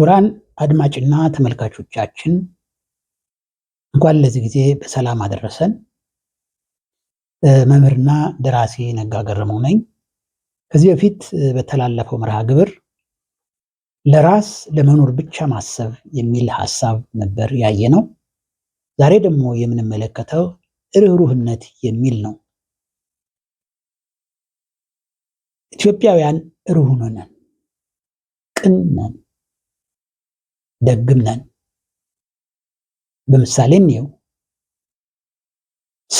ክቡራን አድማጭና ተመልካቾቻችን እንኳን ለዚህ ጊዜ በሰላም አደረሰን። መምህርና ደራሲ ነጋ ገረመው ነኝ። ከዚህ በፊት በተላለፈው መርሃ ግብር ለራስ ለመኖር ብቻ ማሰብ የሚል ሀሳብ ነበር ያየ ነው። ዛሬ ደግሞ የምንመለከተው ርኅሩህነት የሚል ነው። ኢትዮጵያውያን ርኅሩህ ነን፣ ቅን ነን። ደግም ነን። በምሳሌ እንየው።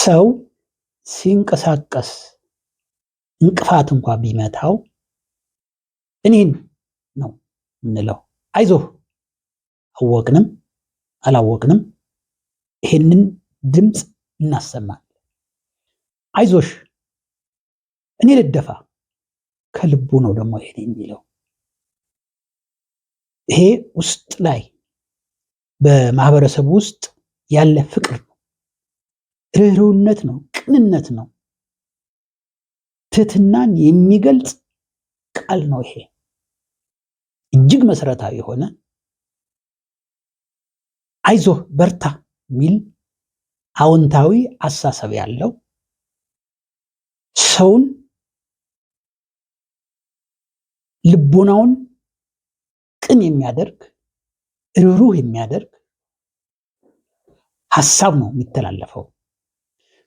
ሰው ሲንቀሳቀስ እንቅፋት እንኳ ቢመታው እኔን ነው የምንለው። አይዞህ አወቅንም አላወቅንም ይሄንን ድምፅ እናሰማ አይዞሽ እኔ ልደፋ ከልቡ ነው ደግሞ ይሄን የሚለው ይሄ ውስጥ ላይ በማህበረሰቡ ውስጥ ያለ ፍቅር ነው፣ ርኅሩህነት ነው፣ ቅንነት ነው፣ ትህትናን የሚገልጽ ቃል ነው። ይሄ እጅግ መሰረታዊ የሆነ አይዞህ በርታ የሚል አዎንታዊ አሳሰብ ያለው ሰውን ልቦናውን ቅን የሚያደርግ ርኅሩህ የሚያደርግ ሀሳብ ነው የሚተላለፈው።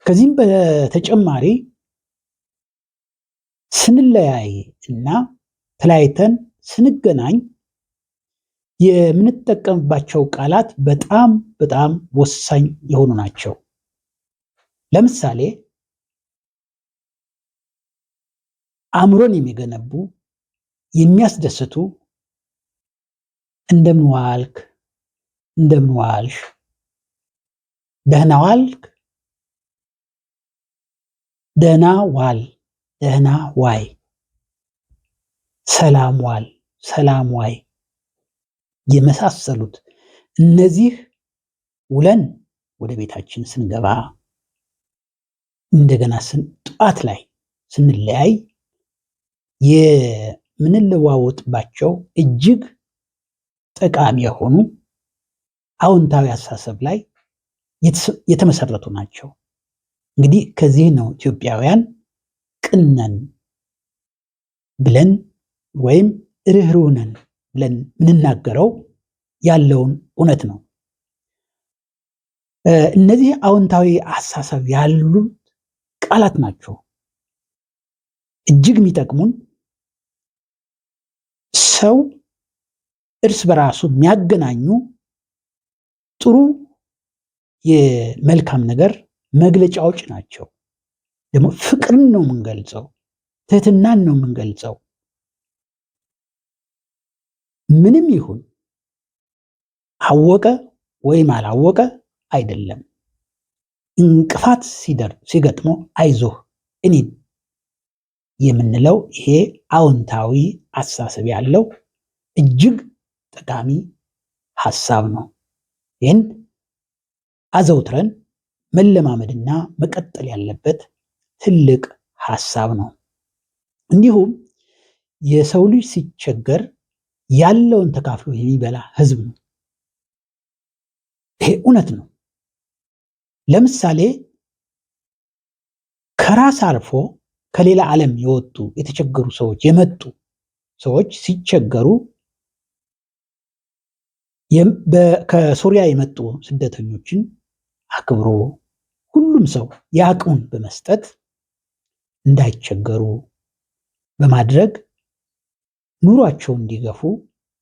ከዚህም በተጨማሪ ስንለያይ እና ተለያይተን ስንገናኝ የምንጠቀምባቸው ቃላት በጣም በጣም ወሳኝ የሆኑ ናቸው። ለምሳሌ አእምሮን የሚገነቡ የሚያስደስቱ እንደምንዋልክ እንደምንዋልሽ ደህና ዋልክ ደህና ዋል ደህና ዋይ ሰላም ዋል ሰላም ዋይ የመሳሰሉት እነዚህ ውለን ወደ ቤታችን ስንገባ እንደገና ጠዋት ላይ ስንለያይ የምንለዋወጥባቸው እጅግ ጠቃሚ የሆኑ አዎንታዊ አስተሳሰብ ላይ የተመሰረቱ ናቸው። እንግዲህ ከዚህ ነው ኢትዮጵያውያን ቅነን ብለን ወይም ርኅሩኅ ብለን የምንናገረው ያለውን እውነት ነው። እነዚህ አዎንታዊ አስተሳሰብ ያሉት ቃላት ናቸው። እጅግ የሚጠቅሙን ሰው እርስ በራሱ የሚያገናኙ ጥሩ የመልካም ነገር መግለጫዎች ናቸው። ደግሞ ፍቅርን ነው የምንገልጸው፣ ትህትናን ነው የምንገልጸው። ምንም ይሁን አወቀ ወይም አላወቀ አይደለም። እንቅፋት ሲደር ሲገጥሞ አይዞህ እኔ የምንለው ይሄ አዎንታዊ አስተሳሰብ ያለው እጅግ ጠቃሚ ሀሳብ ነው። ይህን አዘውትረን መለማመድና መቀጠል ያለበት ትልቅ ሀሳብ ነው። እንዲሁም የሰው ልጅ ሲቸገር ያለውን ተካፍሎ የሚበላ ህዝብ ነው። ይሄ እውነት ነው። ለምሳሌ ከራስ አልፎ ከሌላ ዓለም የወጡ የተቸገሩ ሰዎች የመጡ ሰዎች ሲቸገሩ ከሱሪያ የመጡ ስደተኞችን አክብሮ ሁሉም ሰው የአቅሙን በመስጠት እንዳይቸገሩ በማድረግ ኑሯቸው እንዲገፉ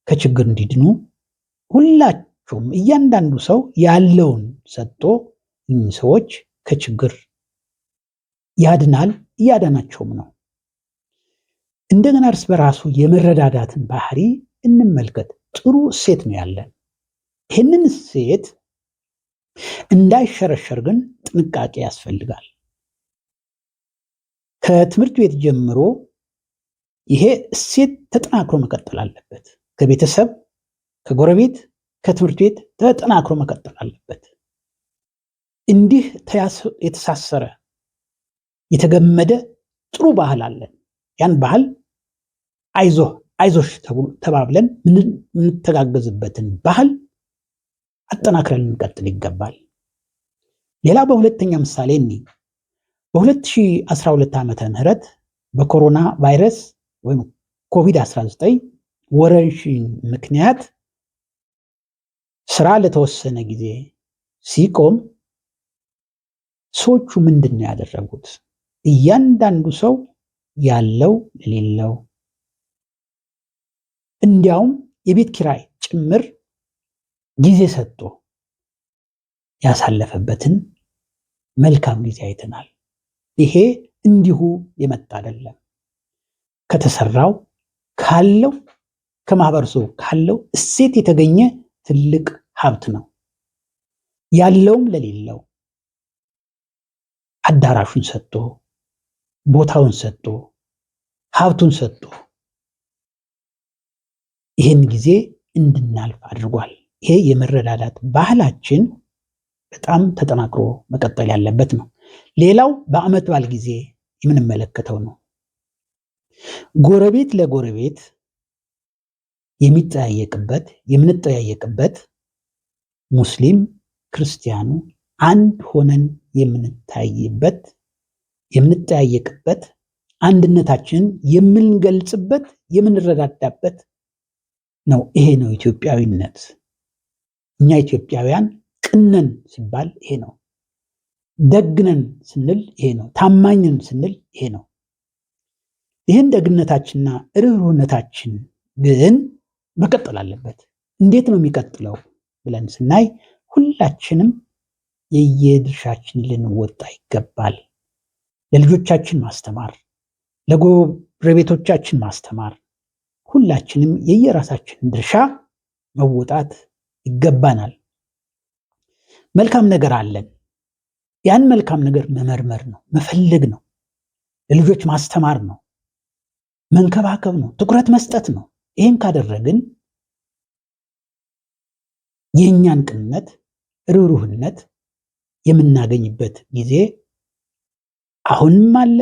ከችግር እንዲድኑ ሁላቸውም እያንዳንዱ ሰው ያለውን ሰጥቶ ሰዎች ከችግር ያድናል፣ እያዳናቸውም ነው። እንደገና እርስ በራሱ የመረዳዳትን ባህሪ እንመልከት። ጥሩ እሴት ነው ያለን። ይህንን እሴት እንዳይሸረሸር ግን ጥንቃቄ ያስፈልጋል። ከትምህርት ቤት ጀምሮ ይሄ እሴት ተጠናክሮ መቀጠል አለበት። ከቤተሰብ፣ ከጎረቤት፣ ከትምህርት ቤት ተጠናክሮ መቀጠል አለበት። እንዲህ የተሳሰረ የተገመደ ጥሩ ባህል አለን። ያን ባህል አይዞህ አይዞሽ ተባብለን የምንተጋገዝበትን ባህል አጠናክረን ልንቀጥል ይገባል። ሌላ በሁለተኛ ምሳሌ እኒ በ2012 ዓመተ ምህረት በኮሮና ቫይረስ ወይም ኮቪድ-19 ወረርሽኝ ምክንያት ስራ ለተወሰነ ጊዜ ሲቆም ሰዎቹ ምንድን ነው ያደረጉት? እያንዳንዱ ሰው ያለው ለሌለው እንዲያውም የቤት ኪራይ ጭምር ጊዜ ሰጥቶ ያሳለፈበትን መልካም ጊዜ አይተናል። ይሄ እንዲሁ የመጣ አይደለም። ከተሰራው ካለው ከማህበረሰቡ ካለው እሴት የተገኘ ትልቅ ሀብት ነው። ያለውም ለሌለው አዳራሹን ሰጥቶ ቦታውን ሰጥቶ ሀብቱን ሰጥቶ ይህን ጊዜ እንድናልፍ አድርጓል። ይሄ የመረዳዳት ባህላችን በጣም ተጠናክሮ መቀጠል ያለበት ነው። ሌላው በዓመት በዓል ጊዜ የምንመለከተው ነው። ጎረቤት ለጎረቤት የሚጠያየቅበት የምንጠያየቅበት ሙስሊም ክርስቲያኑ አንድ ሆነን የምንታይበት የምንጠያየቅበት አንድነታችንን የምንገልጽበት የምንረዳዳበት ነው። ይሄ ነው ኢትዮጵያዊነት። እኛ ኢትዮጵያውያን ቅነን ሲባል ይሄ ነው። ደግነን ስንል ይሄ ነው። ታማኝን ስንል ይሄ ነው። ይህን ደግነታችንና ርኅሩህነታችን ግን መቀጠል አለበት። እንዴት ነው የሚቀጥለው ብለን ስናይ ሁላችንም የየድርሻችን ልንወጣ ይገባል። ለልጆቻችን ማስተማር፣ ለጎረቤቶቻችን ማስተማር፣ ሁላችንም የየራሳችን ድርሻ መወጣት ይገባናል። መልካም ነገር አለን። ያን መልካም ነገር መመርመር ነው፣ መፈለግ ነው፣ ለልጆች ማስተማር ነው፣ መንከባከብ ነው፣ ትኩረት መስጠት ነው። ይህን ካደረግን የእኛን ቅንነት፣ ርኅሩህነት የምናገኝበት ጊዜ አሁንም አለ፣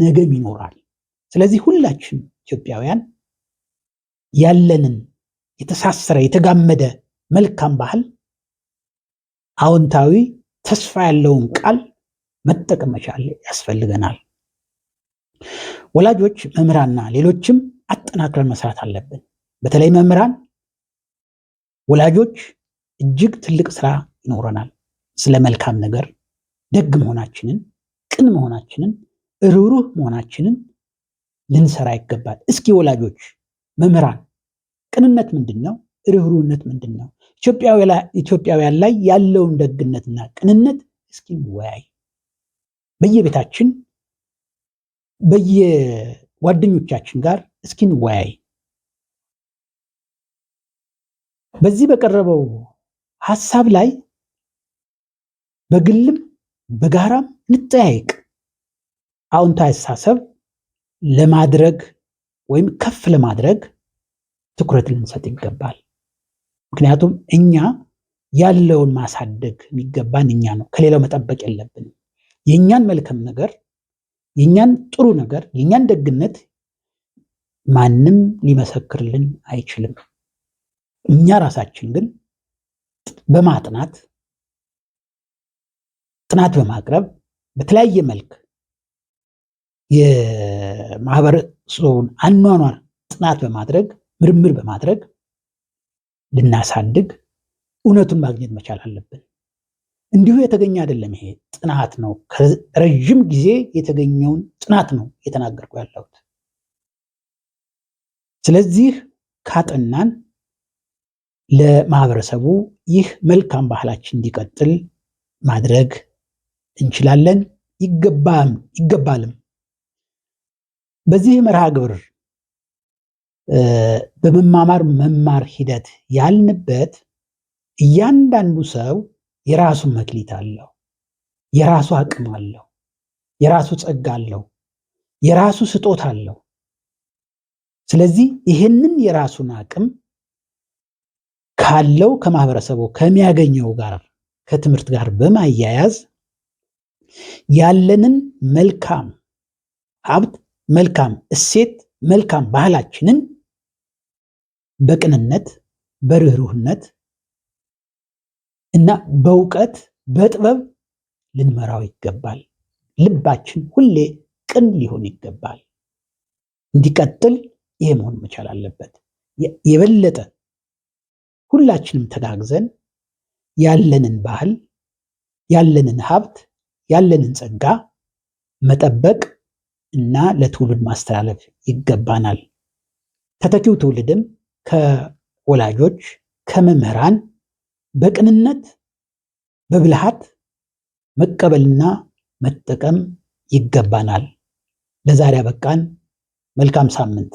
ነገም ይኖራል። ስለዚህ ሁላችን ኢትዮጵያውያን ያለንን የተሳሰረ የተጋመደ መልካም ባህል፣ አዎንታዊ ተስፋ ያለውን ቃል መጠቀም መቻል ያስፈልገናል። ወላጆች፣ መምህራንና ሌሎችም አጠናክረን መስራት አለብን። በተለይ መምህራን፣ ወላጆች እጅግ ትልቅ ስራ ይኖረናል። ስለ መልካም ነገር ደግ መሆናችንን፣ ቅን መሆናችንን፣ ርኅሩህ መሆናችንን ልንሰራ ይገባል። እስኪ ወላጆች፣ መምህራን፣ ቅንነት ምንድን ነው? ርኅሩህነት ምንድን ነው? ኢትዮጵያውያን ላይ ያለውን ደግነትና ቅንነት እስኪ ወያይ በየቤታችን በየጓደኞቻችን ጋር እስኪ በዚህ በቀረበው ሀሳብ ላይ በግልም በጋራም እንጠያይቅ። አዎንታዊ አስተሳሰብ ለማድረግ ወይም ከፍ ለማድረግ ትኩረት ልንሰጥ ይገባል። ምክንያቱም እኛ ያለውን ማሳደግ የሚገባን እኛ ነው። ከሌላው መጠበቅ የለብንም። የእኛን መልከም ነገር፣ የእኛን ጥሩ ነገር፣ የእኛን ደግነት ማንም ሊመሰክርልን አይችልም። እኛ ራሳችን ግን በማጥናት ጥናት በማቅረብ በተለያየ መልክ የማህበረሰቡን አኗኗር ጥናት በማድረግ ምርምር በማድረግ ልናሳድግ እውነቱን ማግኘት መቻል አለብን። እንዲሁ የተገኘ አይደለም። ይሄ ጥናት ነው። ከረዥም ጊዜ የተገኘውን ጥናት ነው እየተናገርኩ ያለሁት። ስለዚህ ካጠናን ለማህበረሰቡ ይህ መልካም ባህላችን እንዲቀጥል ማድረግ እንችላለን፣ ይገባም ይገባልም። በዚህ መርሃ ግብር በመማማር መማር ሂደት ያልንበት እያንዳንዱ ሰው የራሱ መክሊት አለው፣ የራሱ አቅም አለው፣ የራሱ ጸጋ አለው፣ የራሱ ስጦት አለው። ስለዚህ ይህንን የራሱን አቅም ካለው ከማህበረሰቡ ከሚያገኘው ጋር ከትምህርት ጋር በማያያዝ ያለንን መልካም ሀብት፣ መልካም እሴት፣ መልካም ባህላችንን በቅንነት በርህሩህነት እና በእውቀት በጥበብ ልንመራው ይገባል። ልባችን ሁሌ ቅን ሊሆን ይገባል። እንዲቀጥል ይሄ መሆን መቻል አለበት። የበለጠ ሁላችንም ተጋግዘን ያለንን ባህል፣ ያለንን ሀብት፣ ያለንን ጸጋ መጠበቅ እና ለትውልድ ማስተላለፍ ይገባናል። ተተኪው ትውልድም ከወላጆች ከመምህራን በቅንነት በብልሃት መቀበልና መጠቀም ይገባናል። ለዛሬ አበቃን። መልካም ሳምንት